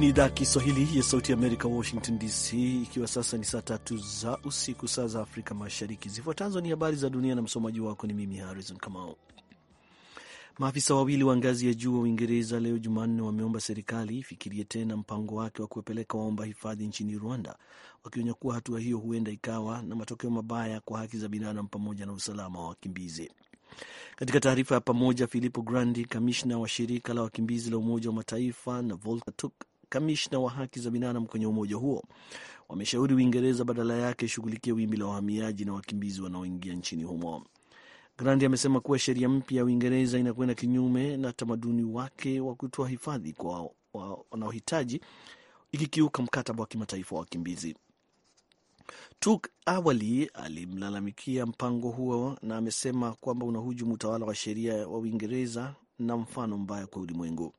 ni idhaa ya Kiswahili ya Sauti ya Amerika, Washington DC, ikiwa sasa ni saa tatu za usiku, saa za Afrika Mashariki. Zifuatazo ni habari za dunia na msomaji wako ni mimi Harrison Kamau. Maafisa wawili wa ngazi ya juu wa Uingereza leo Jumanne wameomba serikali ifikirie tena mpango wake wa kuwapeleka waomba hifadhi nchini Rwanda, wakionya kuwa hatua hiyo huenda ikawa na matokeo mabaya kwa haki za binadamu pamoja na usalama wa wakimbizi. Katika taarifa ya pamoja, Filippo Grandi, kamishna wa shirika la wakimbizi la Umoja wa Mataifa, na Volker Turk, kamishna wa haki za binadamu kwenye umoja huo wameshauri Uingereza badala yake ishughulikie wimbi la wahamiaji na wakimbizi wanaoingia nchini humo. Grandi amesema kuwa sheria mpya ya Uingereza inakwenda kinyume na tamaduni wake wa kutoa hifadhi kwa wanaohitaji, ikikiuka mkataba wa kimataifa wa wakimbizi. Tuk awali alimlalamikia mpango huo na amesema kwamba unahujumu utawala wa sheria wa Uingereza na mfano mbaya kwa ulimwengu.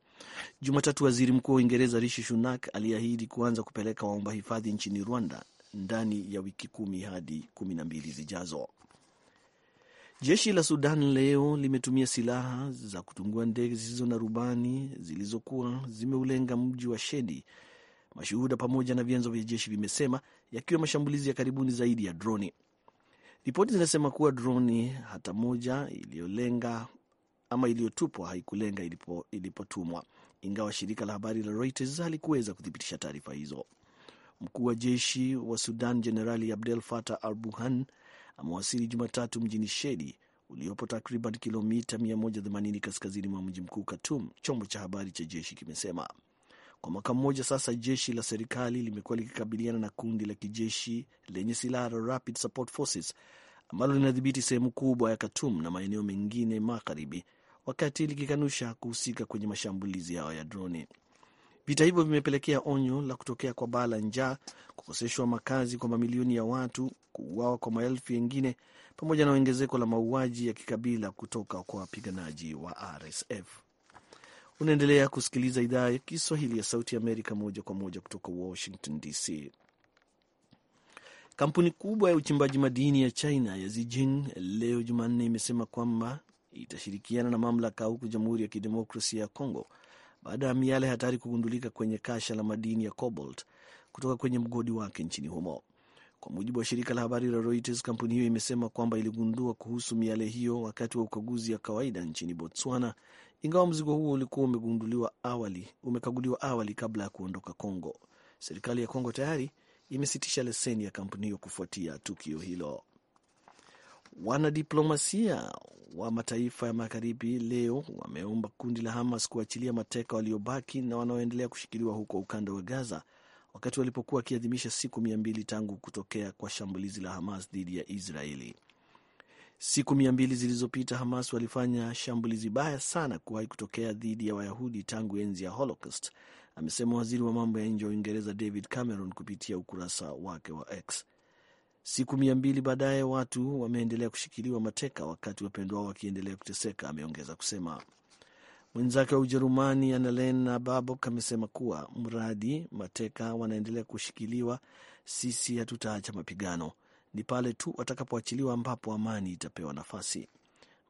Jumatatu, waziri mkuu wa Uingereza Rishi Sunak aliahidi kuanza kupeleka waomba hifadhi nchini Rwanda ndani ya wiki kumi hadi kumi na mbili zijazo. Jeshi la Sudan leo limetumia silaha za kutungua ndege zisizo na rubani zilizokuwa zimeulenga mji wa Shedi, mashuhuda pamoja na vyanzo vya jeshi vimesema, yakiwa mashambulizi ya karibuni zaidi ya droni. Ripoti zinasema kuwa droni hata moja iliyolenga ama iliyotupwa haikulenga ilipo, ilipotumwa ingawa shirika la habari la Reuters halikuweza kuthibitisha taarifa hizo. Mkuu wa jeshi wa Sudan Jenerali Abdel fata al Buhan amewasili Jumatatu mjini Shedi uliopo takriban kilomita 180 kaskazini mwa mji mkuu Khartoum, chombo cha habari cha jeshi kimesema. Kwa mwaka mmoja sasa, jeshi la serikali limekuwa likikabiliana na kundi la kijeshi lenye silaha la Rapid Support Forces ambalo linadhibiti sehemu kubwa ya Khartoum na maeneo mengine magharibi wakati likikanusha kuhusika kwenye mashambulizi yao ya droni. Vita hivyo vimepelekea onyo la kutokea kwa baa la njaa, kukoseshwa makazi kwa mamilioni ya watu, kuuawa kwa maelfu yengine, pamoja na ongezeko la mauaji ya kikabila kutoka kwa wapiganaji wa RSF. Unaendelea kusikiliza idhaa ya Kiswahili ya Sauti Amerika moja kwa moja kutoka Washington DC. Kampuni kubwa ya uchimbaji madini ya China ya Zijin leo Jumanne imesema kwamba itashirikiana na mamlaka huku Jamhuri ya Kidemokrasia ya congo baada ya miale hatari kugundulika kwenye kasha la madini ya cobalt kutoka kwenye mgodi wake nchini humo. Kwa mujibu wa shirika la habari la Reuters, kampuni hiyo imesema kwamba iligundua kuhusu miale hiyo wakati wa ukaguzi ya kawaida nchini Botswana, ingawa mzigo huo ulikuwa umegunduliwa awali, umekaguliwa awali kabla ya kuondoka congo Serikali ya Kongo tayari imesitisha leseni ya kampuni hiyo kufuatia tukio hilo. Wanadiplomasia wa mataifa ya magharibi leo wameomba kundi la Hamas kuachilia mateka waliobaki na wanaoendelea kushikiliwa huko ukanda wa Gaza, wakati walipokuwa wakiadhimisha siku mia mbili tangu kutokea kwa shambulizi la Hamas dhidi ya Israeli. Siku mia mbili zilizopita Hamas walifanya shambulizi baya sana kuwahi kutokea dhidi ya Wayahudi tangu enzi ya Holocaust, amesema waziri wa mambo ya nje wa Uingereza David Cameron kupitia ukurasa wake wa X. Siku mia mbili baadaye watu wameendelea kushikiliwa mateka wakati wapendwa wao wakiendelea kuteseka, ameongeza kusema. Mwenzake wa Ujerumani Annalena Baerbock amesema kuwa mradi mateka wanaendelea kushikiliwa, sisi hatutaacha mapigano, ni pale tu watakapoachiliwa ambapo amani itapewa nafasi.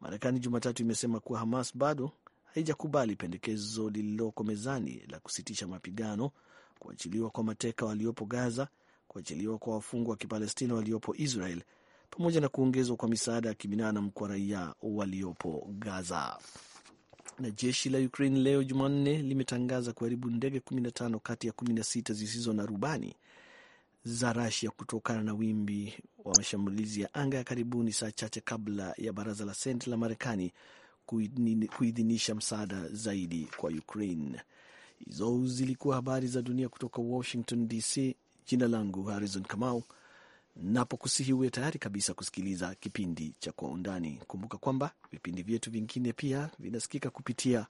Marekani Jumatatu imesema kuwa Hamas bado haijakubali pendekezo lililoko mezani la kusitisha mapigano, kuachiliwa kwa mateka waliopo Gaza kuachiliwa kwa wafungwa wa Kipalestina waliopo Israel pamoja na kuongezwa kwa misaada ya kibinadamu kwa raia waliopo Gaza. Na jeshi la Ukraine leo Jumanne limetangaza kuharibu ndege 15 kati ya 16 zisizo na rubani za Rasia kutokana na wimbi wa mashambulizi ya anga ya karibuni, saa chache kabla ya baraza la Seneti la Marekani kuidhinisha msaada zaidi kwa Ukraine. Hizo zilikuwa habari za dunia kutoka Washington DC. Jina langu Harrison Kamau, napokusihi uwe tayari kabisa kusikiliza kipindi cha Kwa Undani. Kumbuka kwamba vipindi vyetu vingine pia vinasikika kupitia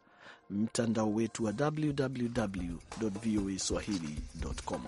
mtandao wetu wa www voa swahili.com.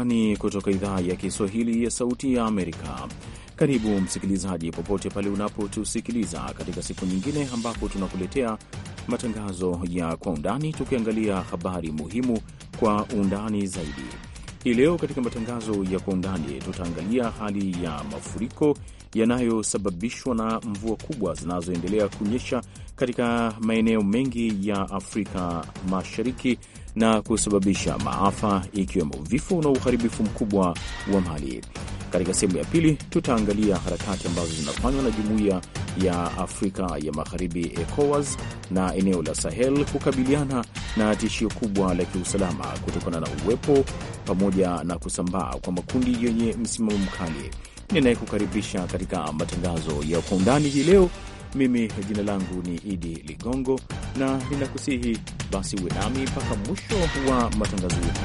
Undani kutoka idhaa ya Kiswahili ya Sauti ya Amerika. Karibu msikilizaji, popote pale unapotusikiliza katika siku nyingine ambapo tunakuletea matangazo ya Kwa Undani, tukiangalia habari muhimu kwa undani zaidi. Hii leo katika matangazo ya Kwa Undani tutaangalia hali ya mafuriko yanayosababishwa na mvua kubwa zinazoendelea kunyesha katika maeneo mengi ya Afrika Mashariki na kusababisha maafa ikiwemo vifo na uharibifu mkubwa wa mali. Katika sehemu ya pili tutaangalia harakati ambazo zinafanywa na Jumuiya ya Afrika ya Magharibi ECOWAS na eneo la Sahel kukabiliana na tishio kubwa la kiusalama kutokana na uwepo pamoja na kusambaa kwa makundi yenye msimamo mkali ninayekukaribisha katika matangazo ya kwa undani hii leo. Mimi jina langu ni Idi Ligongo na ninakusihi basi uwe nami mpaka mwisho wa matangazo yetu.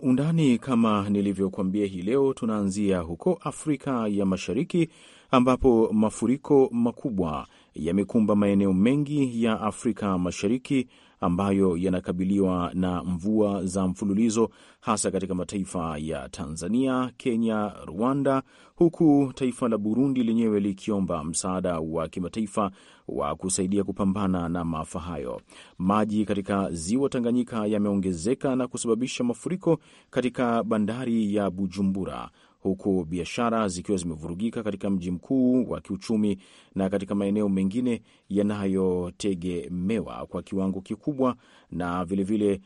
undani, kama nilivyokuambia, hii leo tunaanzia huko Afrika ya Mashariki ambapo mafuriko makubwa yamekumba maeneo mengi ya Afrika Mashariki ambayo yanakabiliwa na mvua za mfululizo hasa katika mataifa ya Tanzania, Kenya, Rwanda, huku taifa la Burundi lenyewe likiomba msaada wa kimataifa wa kusaidia kupambana na maafa hayo. Maji katika ziwa Tanganyika yameongezeka na kusababisha mafuriko katika bandari ya Bujumbura, huku biashara zikiwa zimevurugika katika mji mkuu wa kiuchumi na katika maeneo mengine yanayotegemewa kwa kiwango kikubwa, na vilevile vile,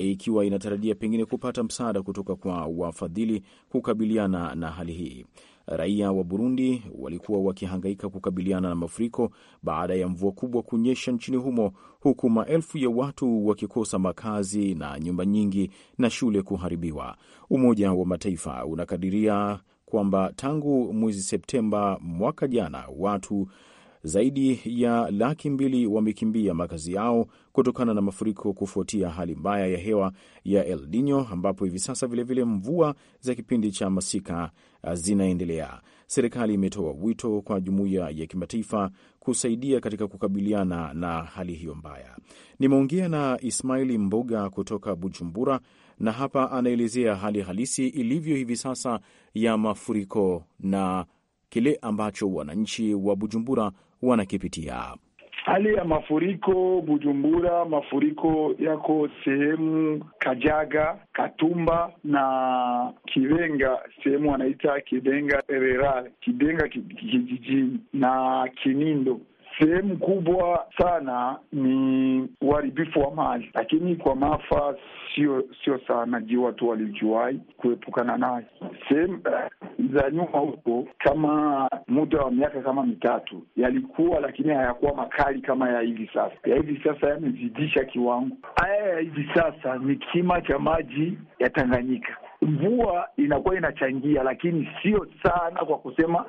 e, ikiwa inatarajia pengine kupata msaada kutoka kwa wafadhili kukabiliana na hali hii. Raia wa Burundi walikuwa wakihangaika kukabiliana na mafuriko baada ya mvua kubwa kunyesha nchini humo, huku maelfu ya watu wakikosa makazi na nyumba nyingi na shule kuharibiwa. Umoja wa Mataifa unakadiria kwamba tangu mwezi Septemba mwaka jana watu zaidi ya laki mbili wamekimbia makazi yao kutokana na mafuriko kufuatia hali mbaya ya hewa ya El Nino ambapo hivi sasa vilevile mvua za kipindi cha masika zinaendelea. Serikali imetoa wito kwa jumuiya ya kimataifa kusaidia katika kukabiliana na hali hiyo mbaya. Nimeongea na Ismaili Mboga kutoka Bujumbura na hapa anaelezea hali halisi ilivyo hivi sasa ya mafuriko na kile ambacho wananchi wa Bujumbura wanakipitia. Hali ya mafuriko Bujumbura, mafuriko yako sehemu Kajaga, Katumba na Kivenga, sehemu wanaita kidenga Erera, kidenga kijijini na Kinindo sehemu kubwa sana ni uharibifu wa mali, lakini kwa maafa sio sio sana juu watu walijuai kuepukana naye sehemu eh, za nyuma huko, kama muda wa miaka kama mitatu yalikuwa, lakini hayakuwa makali kama ya hivi sasa. Ya hivi sasa yamezidisha kiwango. Haya ya hivi sasa ni kima cha maji ya Tanganyika. Mvua inakuwa inachangia, lakini sio sana kwa kusema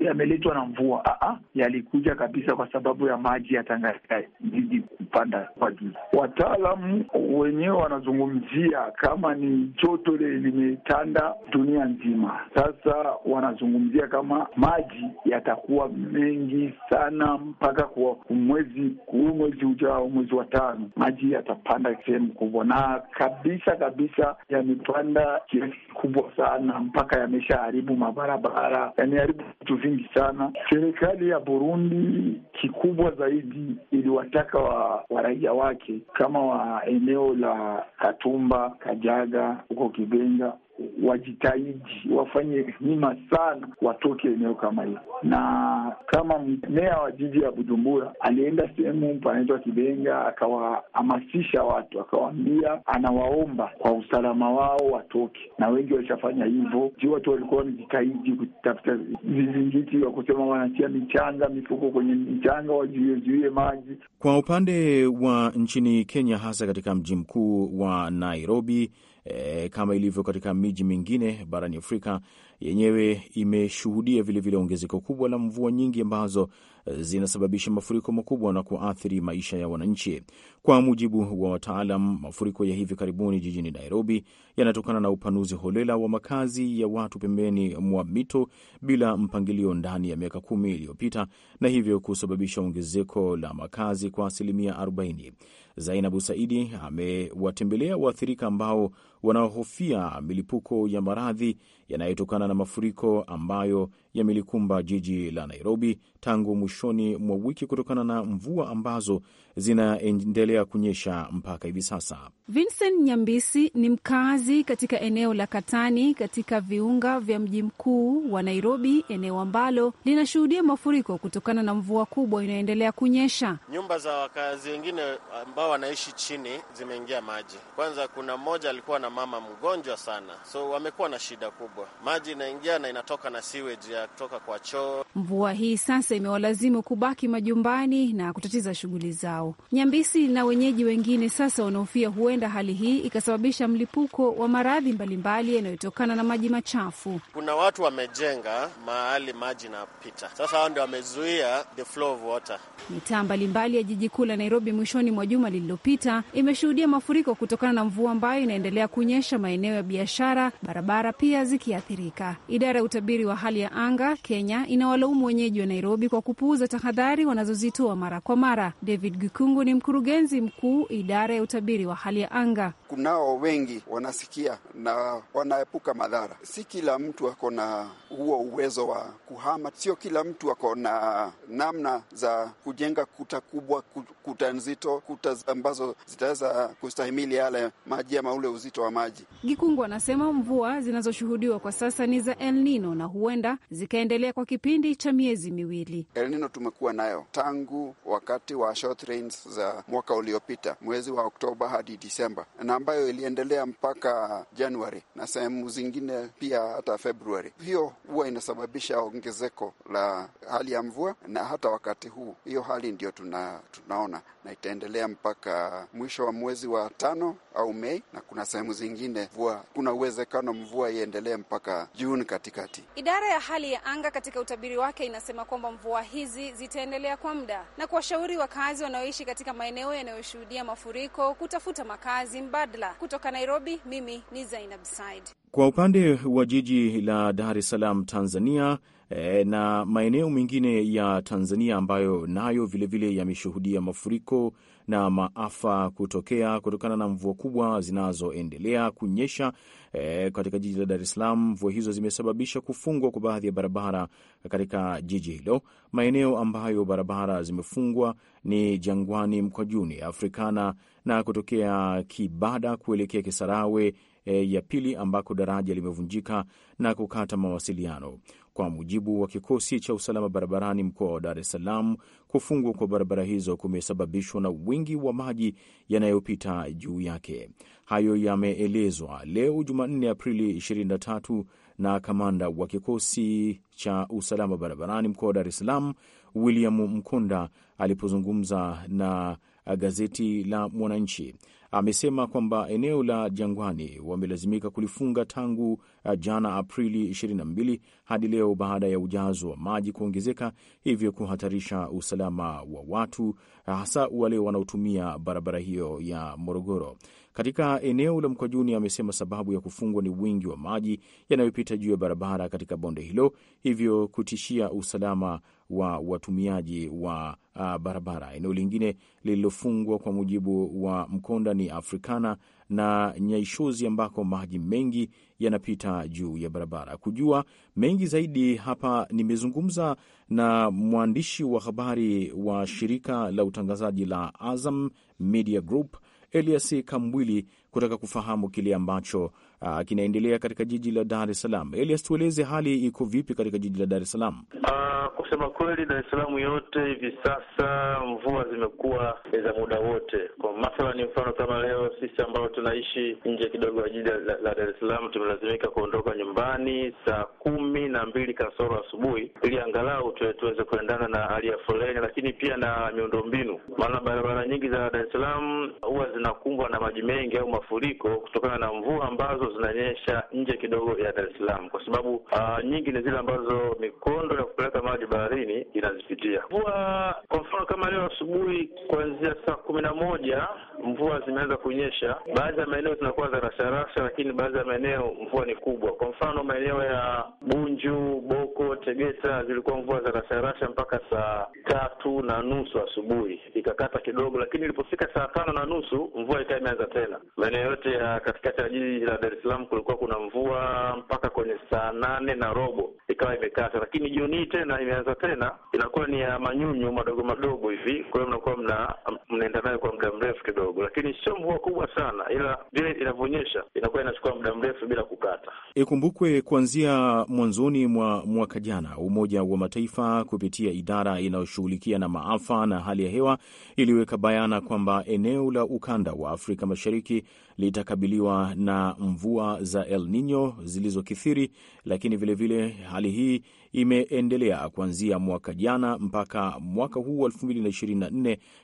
yameletwa na mvua. yalikuja kabisa kwa sababu ya maji ya Tanganyika zidi kupanda kwa juu. Wataalamu wenyewe wanazungumza wanazungumzia kama ni joto le limetanda dunia nzima. Sasa wanazungumzia kama maji yatakuwa mengi sana mpaka kwa mwezi huu, mwezi ujao, mwezi wa tano, maji yatapanda sehemu kubwa, na kabisa kabisa yamepanda kiasi kubwa sana mpaka yamesha haribu mabarabara, yameharibu vitu vingi sana. Serikali ya Burundi kikubwa zaidi iliwataka wa, wa raia wake kama wa eneo la Katumba, Kajaga huko Kibenga wajitahidi wafanye hima sana watoke eneo kama hilo. Na kama meya wa jiji ya Bujumbura alienda sehemu panaitwa Kibenga, akawahamasisha watu, akawaambia anawaomba kwa usalama wao watoke, na wengi walishafanya hivyo juu watu walikuwa wamejitahidi kutafuta vizingiti vya kusema wanatia michanga, mifuko kwenye michanga, wajuiezuie maji. Kwa upande wa nchini Kenya, hasa katika mji mkuu wa Nairobi e, kama ilivyo katika miji mingine barani Afrika yenyewe imeshuhudia vilevile ongezeko kubwa la mvua nyingi ambazo eh, zinasababisha mafuriko makubwa na kuathiri maisha ya wananchi. Kwa mujibu wa wataalam, mafuriko ya hivi karibuni jijini Nairobi yanatokana na upanuzi holela wa makazi ya watu pembeni mwa mito bila mpangilio ndani ya miaka kumi iliyopita na hivyo kusababisha ongezeko la makazi kwa asilimia 40. Zainabu Saidi amewatembelea waathirika ambao wanaohofia milipuko ya maradhi yanayotokana na mafuriko ambayo yamelikumba jiji la Nairobi tangu mwishoni mwa wiki kutokana na mvua ambazo zinaendelea kunyesha mpaka hivi sasa. Vincent Nyambisi ni mkazi katika eneo la Katani katika viunga vya mji mkuu wa Nairobi, eneo ambalo linashuhudia mafuriko kutokana na mvua kubwa inayoendelea kunyesha. Nyumba za wakazi wengine ambao wanaishi chini zimeingia maji. Kwanza kuna mmoja alikuwa na mama mgonjwa sana, so wamekuwa na shida kubwa, maji inaingia na inatoka na siweji hawajatoka kwa choo. Mvua hii sasa imewalazimu kubaki majumbani na kutatiza shughuli zao. Nyambisi na wenyeji wengine sasa wanaofia huenda hali hii ikasababisha mlipuko wa maradhi mbalimbali yanayotokana na maji machafu. Kuna watu wamejenga mahali maji napita, sasa hao ndio wamezuia the flow of water. Mitaa mbalimbali ya jiji kuu la Nairobi mwishoni mwa juma lililopita imeshuhudia mafuriko kutokana na mvua ambayo inaendelea kunyesha, maeneo ya biashara, barabara pia zikiathirika. Idara ya utabiri wa hali ya anga Tanga, Kenya inawalaumu wenyeji wa Nairobi kwa kupuuza tahadhari wanazozitoa mara kwa mara. David Gikungu ni mkurugenzi mkuu idara ya utabiri wa hali ya anga. Kunao wengi wanasikia na wanaepuka madhara. Si kila mtu ako na huo uwezo wa kuhama, sio kila mtu ako na namna za kujenga kuta kubwa, kuta nzito, kuta ambazo zitaweza kustahimili yale maji ama ule uzito wa maji. Gikungu anasema mvua zinazoshuhudiwa kwa sasa ni za El Nino na huenda zikaendelea kwa kipindi cha miezi miwili. El Nino tumekuwa nayo tangu wakati wa short rains za mwaka uliopita mwezi wa Oktoba hadi Disemba, na ambayo iliendelea mpaka Januari na sehemu zingine pia hata Februari. Hiyo huwa inasababisha ongezeko la hali ya mvua, na hata wakati huu hiyo hali ndio tuna, tunaona na itaendelea mpaka mwisho wa mwezi wa tano au Mei, na kuna sehemu zingine mvua, kuna uwezekano mvua iendelee mpaka Juni katikati. Idara ya hali ya anga katika utabiri wake inasema kwamba mvua hizi zitaendelea kwa muda na kuwashauri wakazi wanaoishi katika maeneo yanayoshuhudia mafuriko kutafuta makazi mbadala. Kutoka Nairobi, mimi ni Zainab Said. Kwa upande wa jiji la Dar es Salaam, Tanzania eh, na maeneo mengine ya Tanzania ambayo nayo vilevile yameshuhudia mafuriko na maafa kutokea kutokana na mvua kubwa zinazoendelea kunyesha e, katika jiji la Dar es Salaam. Mvua hizo zimesababisha kufungwa kwa baadhi ya barabara katika jiji hilo. Maeneo ambayo barabara zimefungwa ni Jangwani, Mkwajuni, Afrikana na kutokea Kibada kuelekea Kisarawe e, ya pili ambako daraja limevunjika na kukata mawasiliano. Kwa mujibu wa kikosi cha usalama barabarani mkoa wa Dar es Salaam, kufungwa kwa barabara hizo kumesababishwa na wingi wa maji yanayopita juu yake. Hayo yameelezwa leo Jumanne, Aprili 23 na kamanda wa kikosi cha usalama barabarani mkoa wa Dar es Salaam William Mkonda alipozungumza na gazeti la Mwananchi. Amesema kwamba eneo la Jangwani wamelazimika kulifunga tangu jana Aprili 22 hadi leo baada ya ujazo wa maji kuongezeka, hivyo kuhatarisha usalama wa watu, hasa wale wanaotumia barabara hiyo ya Morogoro. Katika eneo la Mkwajuni, amesema sababu ya kufungwa ni wingi wa maji yanayopita juu ya barabara katika bonde hilo, hivyo kutishia usalama wa watumiaji wa uh, barabara. Eneo lingine lililofungwa kwa mujibu wa Mkonda ni Afrikana na Nyaishozi ambako maji mengi yanapita juu ya barabara. Kujua mengi zaidi, hapa nimezungumza na mwandishi wa habari wa shirika la utangazaji la Azam Media Group Elias Kambwili kutaka kufahamu kile ambacho uh, kinaendelea katika jiji la Dar es Salaam. Elias, tueleze hali iko vipi katika jiji la Dar es Salaam? Uh, kusema kweli, Dar es Salaam yote hivi sasa mvua zimekuwa za muda wote. Kwa ni mfano kama leo sisi ambao tunaishi nje kidogo ya jiji la, la Dar es Salaam tumelazimika kuondoka nyumbani saa kumi na mbili kasoro asubuhi ili angalau tuweze kuendana na hali ya foleni, lakini pia na miundombinu, maana barabara nyingi za Dar es Salaam huwa zinakumbwa na maji mengi au mafuriko kutokana na mvua ambazo zinanyesha nje kidogo ya Dar es Salaam, kwa sababu uh, nyingi ni zile ambazo mikondo ya kupeleka maji baharini inazipitia. Mvua kwa mfano kama leo asubuhi kuanzia saa kumi na moja mvua zimeanza kunyesha, baadhi ya maeneo zinakuwa za rasharasha, lakini baadhi ya maeneo mvua ni kubwa. Kwa mfano maeneo ya Bunju, Boko, Tegeta zilikuwa mvua za rasharasha mpaka saa tatu na nusu asubuhi, ikakata kidogo, lakini ilipofika saa tano na nusu mvua ikawa imeanza tena maeneo yote ya katikati ya jiji la Dar es Salaam kulikuwa kuna mvua mpaka kwenye saa nane na robo ikawa imekata, lakini jioni hii tena imeanza tena, inakuwa ni ya manyunyu madogo madogo hivi, kwa hiyo mnakuwa mna mnaenda nayo kwa muda mrefu kidogo, lakini sio mvua kubwa sana, ila vile inavyoonyesha inakuwa inachukua muda mrefu bila kukata. Ikumbukwe kuanzia mwanzoni mwa mwaka jana, Umoja wa Mataifa kupitia idara inayoshughulikia na maafa na hali ya hewa iliweka bayana kwamba eneo la ukanda wa Afrika Mashariki litakabiliwa na mvua za El Nino zilizokithiri, lakini vilevile vile hali hii imeendelea kuanzia mwaka jana mpaka mwaka huu wa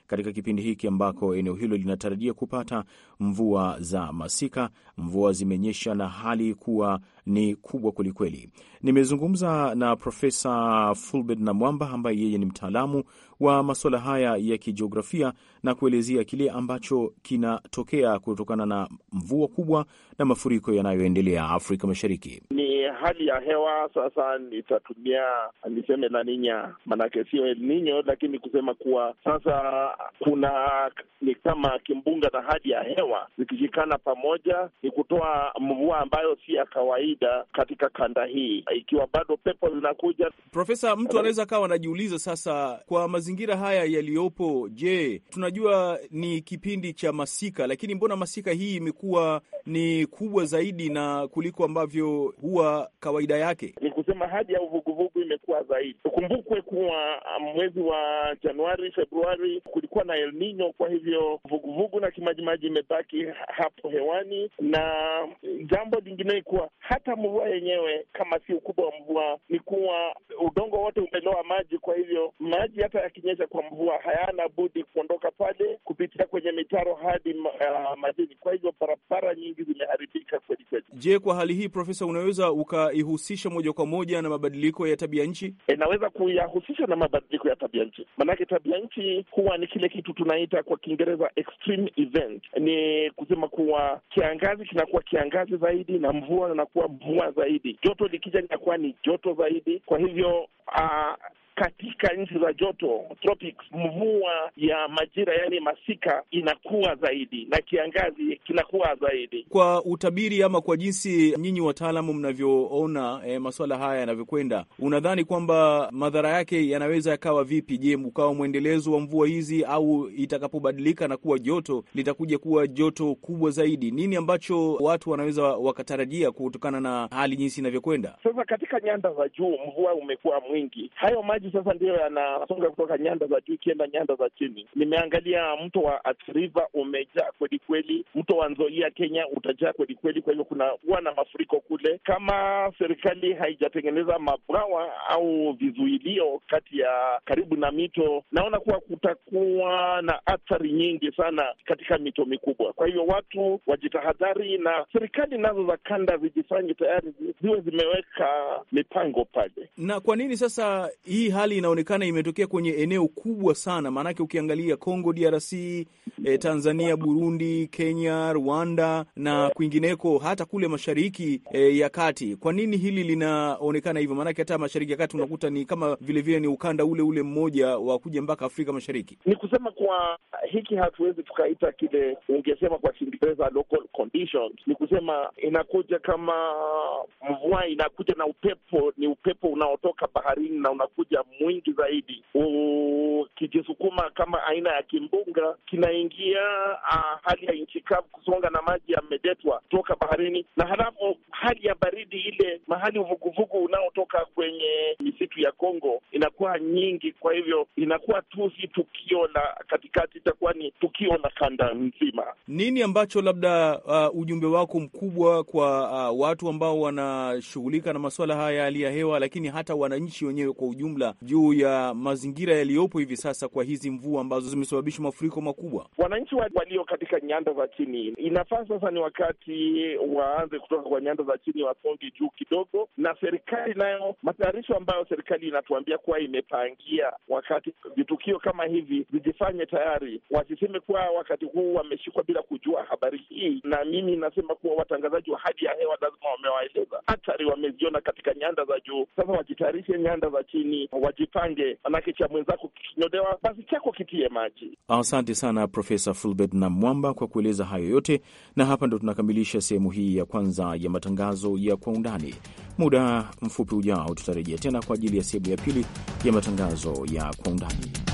katika kipindi hiki ambako eneo hilo linatarajia kupata mvua za masika. Mvua zimenyesha na hali kuwa ni kubwa kwelikweli. Nimezungumza na Profesa Fulbert Namwamba ambaye yeye ni mtaalamu wa masuala haya ya kijiografia na kuelezea kile ambacho kinatokea kutokana na mvua kubwa na mafuriko yanayoendelea Afrika Mashariki. Ni hali ya hewa. Sasa nitatumia niseme La Ninya, manake sio El Nino, lakini kusema kuwa sasa kuna ni kama kimbunga na hali ya hewa zikishikana pamoja, ni kutoa mvua ambayo si ya kawaida katika kanda hii, ikiwa bado pepo zinakuja. Profesa, mtu anaweza akawa anajiuliza sasa, kwa mazingira haya yaliyopo, je, tunajua ni kipindi cha masika, lakini mbona masika hii imekuwa ni kubwa zaidi na kuliko ambavyo huwa kawaida yake? Ni kusema hali ya uvuguvugu imekuwa zaidi. Tukumbukwe kuwa ah, mwezi wa Januari, Februari kulikuwa na El Nino, kwa hivyo vuguvugu na kimajimaji imebaki hapo hewani, na eh, jambo lingine ni kuwa hata mvua yenyewe kama si ukubwa wa mvua, ni kuwa udongo wote umeloa maji, kwa hivyo maji hata yakinyesha kwa mvua hayana budi kuondoka pale kupitia kwenye mitaro hadi uh, majini. Kwa hivyo barabara nyingi zimeharibika kweli kweli. Je, kwa hali hii Profesa, unaweza ukaihusisha moja kwa moja na mabadiliko ya tabia nchi? E, naweza kuyahusisha na mabadiliko ya tabia nchi, maanake tabia nchi huwa ni kile kitu tunaita kwa Kiingereza extreme event, ni kusema kuwa kiangazi kinakuwa kiangazi zaidi na mvua inakuwa mvua zaidi, joto likija linakuwa ni joto zaidi. Kwa hivyo uh, katika nchi za joto tropics, mvua ya majira yani masika inakuwa zaidi na kiangazi kinakuwa zaidi. Kwa utabiri ama kwa jinsi nyinyi wataalamu mnavyoona eh, masuala haya yanavyokwenda, unadhani kwamba madhara yake yanaweza yakawa vipi? Je, ukawa mwendelezo wa mvua hizi au itakapobadilika na kuwa joto litakuja kuwa joto kubwa zaidi? Nini ambacho watu wanaweza wakatarajia kutokana na hali jinsi inavyokwenda sasa? Katika nyanda za juu mvua umekuwa mwingi, hayo maji maji sasa ndiyo yanasonga kutoka nyanda za juu ikienda nyanda za chini. Nimeangalia mto wa Athi umejaa umejaa kwelikweli, mto wa Nzoia Kenya utajaa kwelikweli. Kwa hivyo kunakuwa na mafuriko kule, kama serikali haijatengeneza mabwawa au vizuilio kati ya karibu na mito, naona kuwa kutakuwa na athari nyingi sana katika mito mikubwa. Kwa hivyo watu wajitahadhari, na serikali nazo za kanda zijifanye tayari ziwe zimeweka mipango pale. Na kwa nini sasa hii hali inaonekana imetokea kwenye eneo kubwa sana, maanake ukiangalia Congo DRC, e, eh, Tanzania, Burundi, Kenya, Rwanda na kwingineko, hata kule mashariki e, ya kati. Kwa nini hili linaonekana hivyo? Maanake hata mashariki ya kati unakuta ni kama vilevile vile ni ukanda ule ule mmoja wa kuja mpaka Afrika Mashariki. Ni kusema kwa hiki hatuwezi tukaita kile ungesema kwa Kiingereza local conditions, ni kusema inakuja kama mvua inakuja na upepo, ni upepo unaotoka baharini na unakuja muito zaidi. O kijisukuma kama aina ya kimbunga kinaingia uh, hali ya nchi kavu kusonga na maji yamedetwa toka baharini, na halafu hali ya baridi ile mahali uvuguvugu unaotoka kwenye misitu ya Kongo inakuwa nyingi. Kwa hivyo inakuwa tu si tukio la katikati, itakuwa ni tukio la kanda nzima. Nini ambacho labda uh, ujumbe wako mkubwa kwa uh, watu ambao wanashughulika na masuala haya ya hali ya hewa, lakini hata wananchi wenyewe kwa ujumla juu ya mazingira yaliyopo hivi sasa kwa hizi mvua ambazo zimesababisha mafuriko makubwa? Wananchi walio katika nyanda za chini, inafaa sasa ni wakati waanze kutoka kwa nyanda za chini, wasonge juu kidogo, na serikali nayo, matayarisho ambayo serikali inatuambia kuwa imepangia wakati vitukio kama hivi vijifanye tayari, wasiseme kuwa wakati huu wameshikwa bila kujua habari hii. Na mimi nasema kuwa watangazaji wa hali ya hewa lazima wamewaeleza hatari, wameziona katika nyanda za juu. Sasa wajitayarishe nyanda za chini, wajipange, manake cha mwenzako basi chako kitie maji. Asante sana Profesa Fulbert na Mwamba kwa kueleza hayo yote, na hapa ndo tunakamilisha sehemu hii ya kwanza ya matangazo ya kwa undani. Muda mfupi ujao tutarejea tena kwa ajili ya sehemu ya pili ya matangazo ya kwa undani.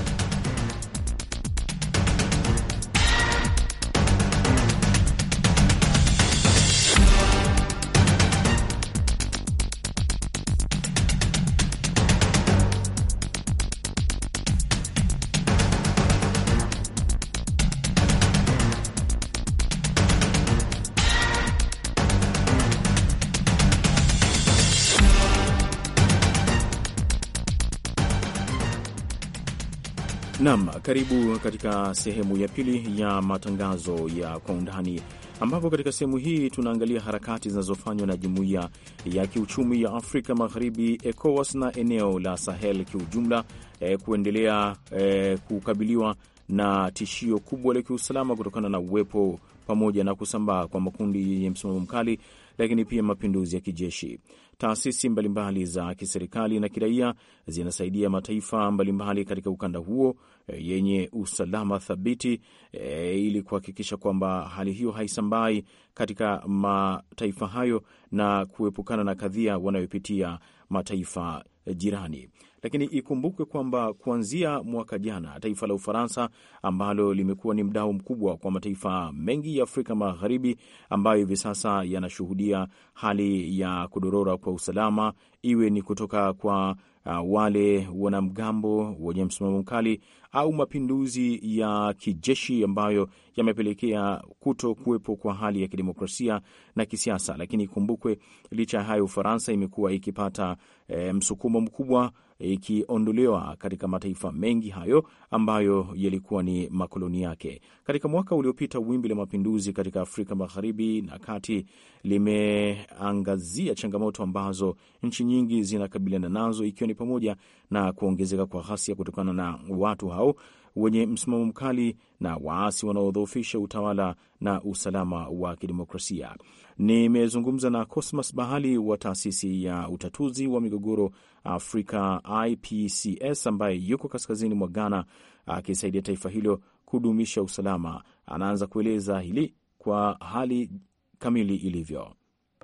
Nam, karibu katika sehemu ya pili ya matangazo ya kwa undani, ambapo katika sehemu hii tunaangalia harakati zinazofanywa na jumuiya ya kiuchumi ya Afrika Magharibi, ECOWAS, na eneo la Sahel kiujumla, eh, kuendelea eh, kukabiliwa na tishio kubwa la kiusalama kutokana na uwepo pamoja na kusambaa kwa makundi yenye msimamo mkali, lakini pia mapinduzi ya kijeshi. Taasisi mbalimbali za kiserikali na kiraia zinasaidia mataifa mbalimbali katika ukanda huo e, yenye usalama thabiti e, ili kuhakikisha kwamba hali hiyo haisambai katika mataifa hayo na kuepukana na kadhia wanayopitia mataifa jirani. Lakini ikumbukwe kwamba kuanzia mwaka jana taifa la Ufaransa ambalo limekuwa ni mdau mkubwa kwa mataifa mengi ya Afrika Magharibi ambayo hivi sasa yanashuhudia hali ya kudorora kwa usalama, iwe ni kutoka kwa uh, wale wanamgambo wenye msimamo mkali au mapinduzi ya kijeshi ambayo yamepelekea kuto kuwepo kwa hali ya kidemokrasia na kisiasa. Lakini ikumbukwe, licha ya hayo, Ufaransa imekuwa ikipata e, msukumo mkubwa ikiondolewa katika mataifa mengi hayo ambayo yalikuwa ni makoloni yake. Katika mwaka uliopita, wimbi la mapinduzi katika Afrika Magharibi na Kati limeangazia changamoto ambazo nchi nyingi zinakabiliana nazo, ikiwa ni pamoja na kuongezeka kwa ghasia kutokana na watu hao wenye msimamo mkali na waasi wanaodhoofisha utawala na usalama wa kidemokrasia. Nimezungumza na Cosmas Bahali wa taasisi ya utatuzi wa migogoro Afrika IPCS, ambaye yuko kaskazini mwa Ghana akisaidia taifa hilo kudumisha usalama. Anaanza kueleza hili kwa hali kamili ilivyo.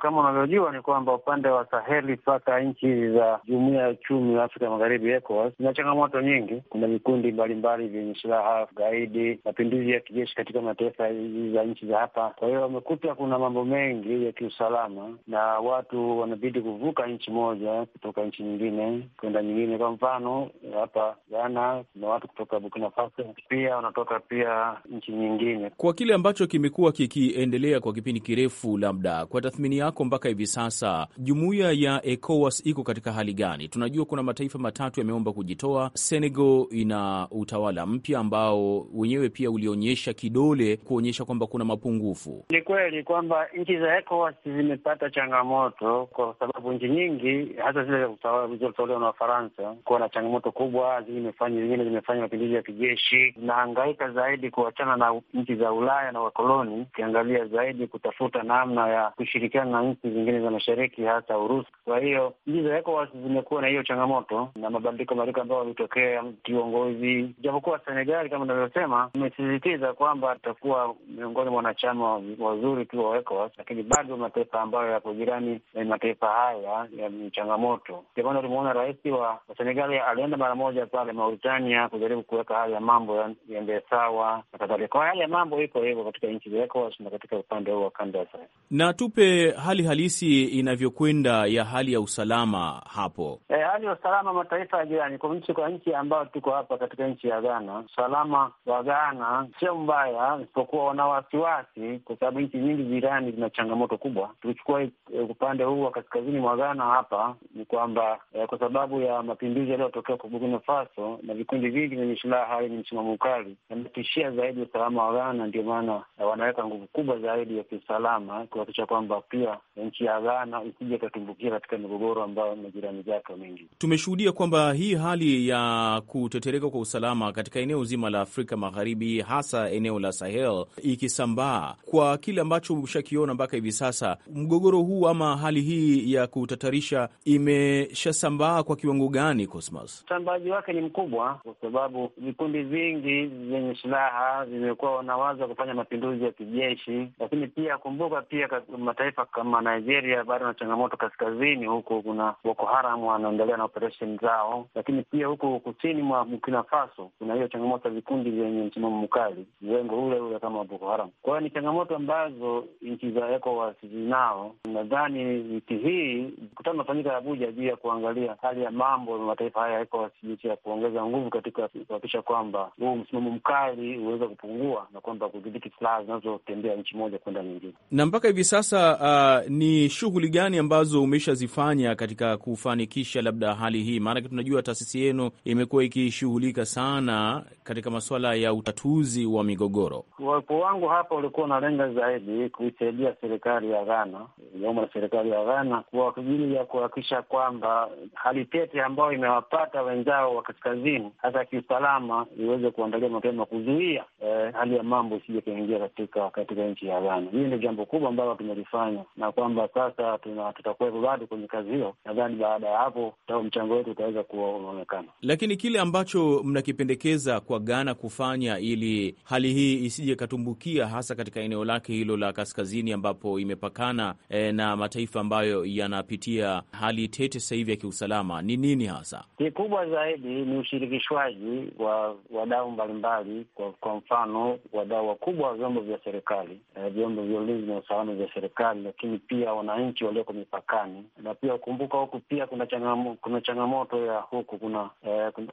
Kama unavyojua ni kwamba upande wa Saheli mpaka nchi za jumuia ya uchumi wa Afrika Magharibi, ECOWAS, kuna changamoto nyingi. Kuna vikundi mbalimbali vyenye silaha, gaidi, mapinduzi ya kijeshi katika mataifa hizi za nchi za hapa. Kwa hiyo wamekuta kuna mambo mengi ya kiusalama, na watu wanabidi kuvuka nchi moja kutoka nchi nyingine kwenda nyingine. Kwa mfano hapa Ghana kuna watu kutoka Burkina Faso pia wanatoka pia nchi nyingine. Kwa kile ambacho kimekuwa kikiendelea kwa kipindi kirefu, labda kwa tathmini yako yako mpaka hivi sasa, jumuiya ya ECOWAS iko katika hali gani? Tunajua kuna mataifa matatu yameomba kujitoa. Senegal ina utawala mpya ambao wenyewe pia ulionyesha kidole kuonyesha kwamba kuna mapungufu. Ni kweli kwamba nchi za ECOWAS zimepata changamoto, kwa sababu nchi nyingi hasa zile zilizotolewa na Wafaransa kuwa na changamoto kubwa, zingine zimefanya mapinduzi ya kijeshi, zinahangaika zaidi kuachana na nchi za Ulaya na wakoloni, ukiangalia zaidi kutafuta namna ya kushirikiana na nchi zingine za mashariki, hasa Urusi. Kwa hiyo nchi za ECOWAS zimekuwa na hiyo changamoto na mabadiliko madogo ambayo walitokea kiongozi, japokuwa Senegali kama unavyosema, imesisitiza kwamba atakuwa miongoni mwa wanachama wazuri tu wa ECOWAS, lakini bado mataifa ambayo yako jirani na eh, mataifa haya ya changamoto. Ndio maana tulimuona rais wa Senegali alienda mara moja pale Mauritania kujaribu kuweka hali ya mambo yaende sawa na kadhalika. Kwa ya mambo iko hivyo katika nchi za ECOWAS na katika upande huu wa kanda ya Sahel. Na tupe hali halisi inavyokwenda ya hali ya usalama hapo? E, hali ya usalama mataifa ya jirani, kwa nchi kwa nchi ambayo tuko hapa katika nchi ya Ghana, usalama wa Ghana sio mbaya, isipokuwa wana wasiwasi kwa sababu nchi nyingi jirani zina changamoto kubwa. Tukichukua eh, upande huu wa kaskazini mwa Ghana hapa ni kwamba e, kwa sababu ya mapinduzi yaliyotokea kwa Burkina Faso na vikundi vingi vyenye silaha ni msimamo mkali yametishia zaidi usalama wa Ghana, ndio maana wanaweka nguvu kubwa zaidi ya kiusalama kuhakikisha kwamba pia nchi ya Ghana isije ikatumbukia katika migogoro ambayo majirani zake mengi. Tumeshuhudia kwamba hii hali ya kutetereka kwa usalama katika eneo zima la Afrika Magharibi, hasa eneo la Sahel, ikisambaa kwa kile ambacho ushakiona mpaka hivi sasa. Mgogoro huu ama hali hii ya kutatarisha imeshasambaa kwa kiwango gani, Cosmas? Usambaaji wake ni mkubwa, kwa sababu vikundi vingi vyenye silaha vimekuwa wanawaza kufanya mapinduzi ya kijeshi, lakini pia kumbuka pia mataifa kama Nigeria bado na changamoto kaskazini, huku kuna Boko Haram wanaendelea na operesheni zao, lakini pia huku kusini mwa Burkina Faso kuna hiyo changamoto ya vikundi vyenye msimamo mkali, lengo ule ule kama Boko Haram. Kwa hiyo ni changamoto ambazo nchi za ECOWAS zinao. Nadhani wiki hii mkutano unafanyika Abuja juu ya kuangalia hali ya mambo mataifa haya ECOWAS, jinsi ya kuongeza nguvu katika kuhakikisha kwamba huu msimamo mkali huweza kupungua na kwamba kudhibiti silaha zinazotembea nchi moja kwenda nyingine, na mpaka hivi sasa uh... Uh, ni shughuli gani ambazo umeshazifanya katika kufanikisha labda hali hii? Maanake tunajua taasisi yenu imekuwa ikishughulika sana katika masuala ya utatuzi wa migogoro. Uwepo wangu hapa ulikuwa unalenga zaidi kuisaidia serikali ya Ghana, vyombo na serikali ya Ghana kwa ajili ya kuhakikisha kwamba hali tete ambayo imewapata wenzao wa kaskazini, hasa kiusalama, iweze kuandalia mapema kuzuia eh, hali ya mambo isije kuingia katika katika nchi ya Ghana. Hili ndio jambo kubwa ambalo tumelifanya na kwamba sasa tutakuwepo bado kwenye kazi hiyo. Nadhani baada ya hapo tao mchango wetu utaweza kuwa unaonekana. Lakini kile ambacho mnakipendekeza kwa Ghana kufanya ili hali hii isije ikatumbukia hasa katika eneo lake hilo la kaskazini ambapo imepakana e, na mataifa ambayo yanapitia hali tete sasa hivi ya kiusalama, ni nini hasa kikubwa zaidi? Ni ushirikishwaji wa wadau mbalimbali, kwa, kwa mfano wadau wakubwa wa vyombo vya serikali, eh, vyombo vya ulinzi na usalama vya serikali, lakini lakini pia wananchi walioko mipakani, na pia ukumbuka huku pia kuna changamoto, kuna changamoto ya huku kuna, eh, kuna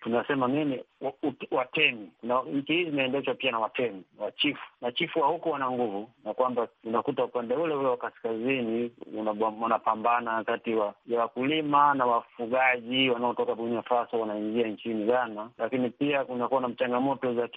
tunasema nini watemi, na nchi hii zimeendeshwa pia na watemi wachifu, na chifu wa huku wana nguvu, na kwamba unakuta upande ule ule wa kaskazini wanapambana kati wa, ya wakulima na wafugaji wanaotoka Burkina Faso wanaingia nchini Ghana, lakini pia kunakuwa na changamoto za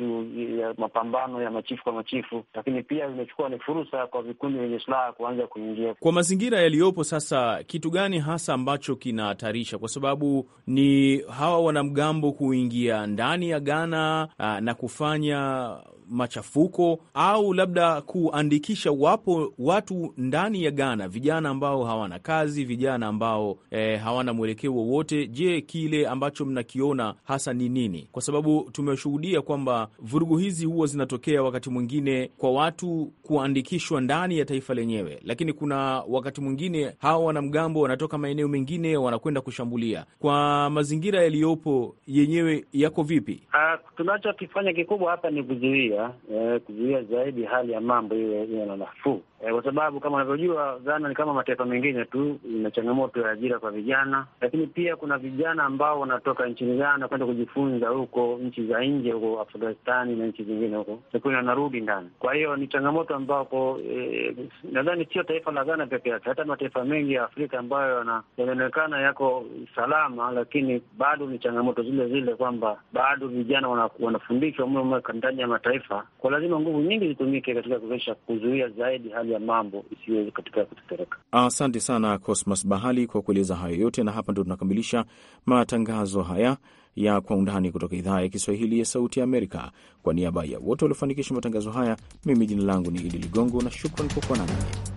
mapambano ya machifu kwa machifu, lakini pia imechukua ni fursa kwa vikundi vyenye silaha kuanza kuingia. Kwa mazingira yaliyopo sasa, kitu gani hasa ambacho kinahatarisha? Kwa sababu ni hawa wanamgambo kuingia ndani ya Ghana ah, na kufanya machafuko au labda kuandikisha wapo watu ndani ya Ghana, vijana ambao hawana kazi, vijana ambao eh, hawana mwelekeo wowote. Je, kile ambacho mnakiona hasa ni nini? Kwa sababu tumeshuhudia kwamba vurugu hizi huwa zinatokea wakati mwingine kwa watu kuandikishwa ndani ya taifa lenyewe, lakini kuna wakati mwingine hawa wanamgambo wanatoka maeneo mengine wanakwenda kushambulia. Kwa mazingira yaliyopo yenyewe yako vipi? Uh, tunachokifanya kikubwa hapa ni kuzuia kuzuia eh, kuzuia zaidi hali ya mambo iwe iwe na nafuu eh, kwa sababu kama unavyojua Ghana ni kama mataifa mengine tu, ina changamoto ya ajira kwa vijana, lakini pia kuna vijana ambao wanatoka nchini Ghana kwenda kujifunza huko nchi za nje, huko Afghanistani na nchi zingine huko, lakini wanarudi ndani. Kwa hiyo ni changamoto ambapo eh, nadhani sio taifa la Ghana peke yake, hata mataifa mengi ya Afrika ambayo yanaonekana yako salama, lakini bado ni changamoto zile zile kwamba bado vijana wanafundishwa mno ndani ya mataifa taifa, kwa lazima nguvu nyingi zitumike katika kuwezesha kuzuia zaidi hali ya mambo isiweze katika kutetereka. Asante sana Cosmas Bahali kwa kueleza hayo yote, na hapa ndo tunakamilisha matangazo haya ya Kwa Undani kutoka idhaa ya Kiswahili ya Sauti ya Amerika. Kwa niaba ya wote waliofanikisha matangazo haya, mimi jina langu ni Idi Ligongo na shukran kwa kuwa nami.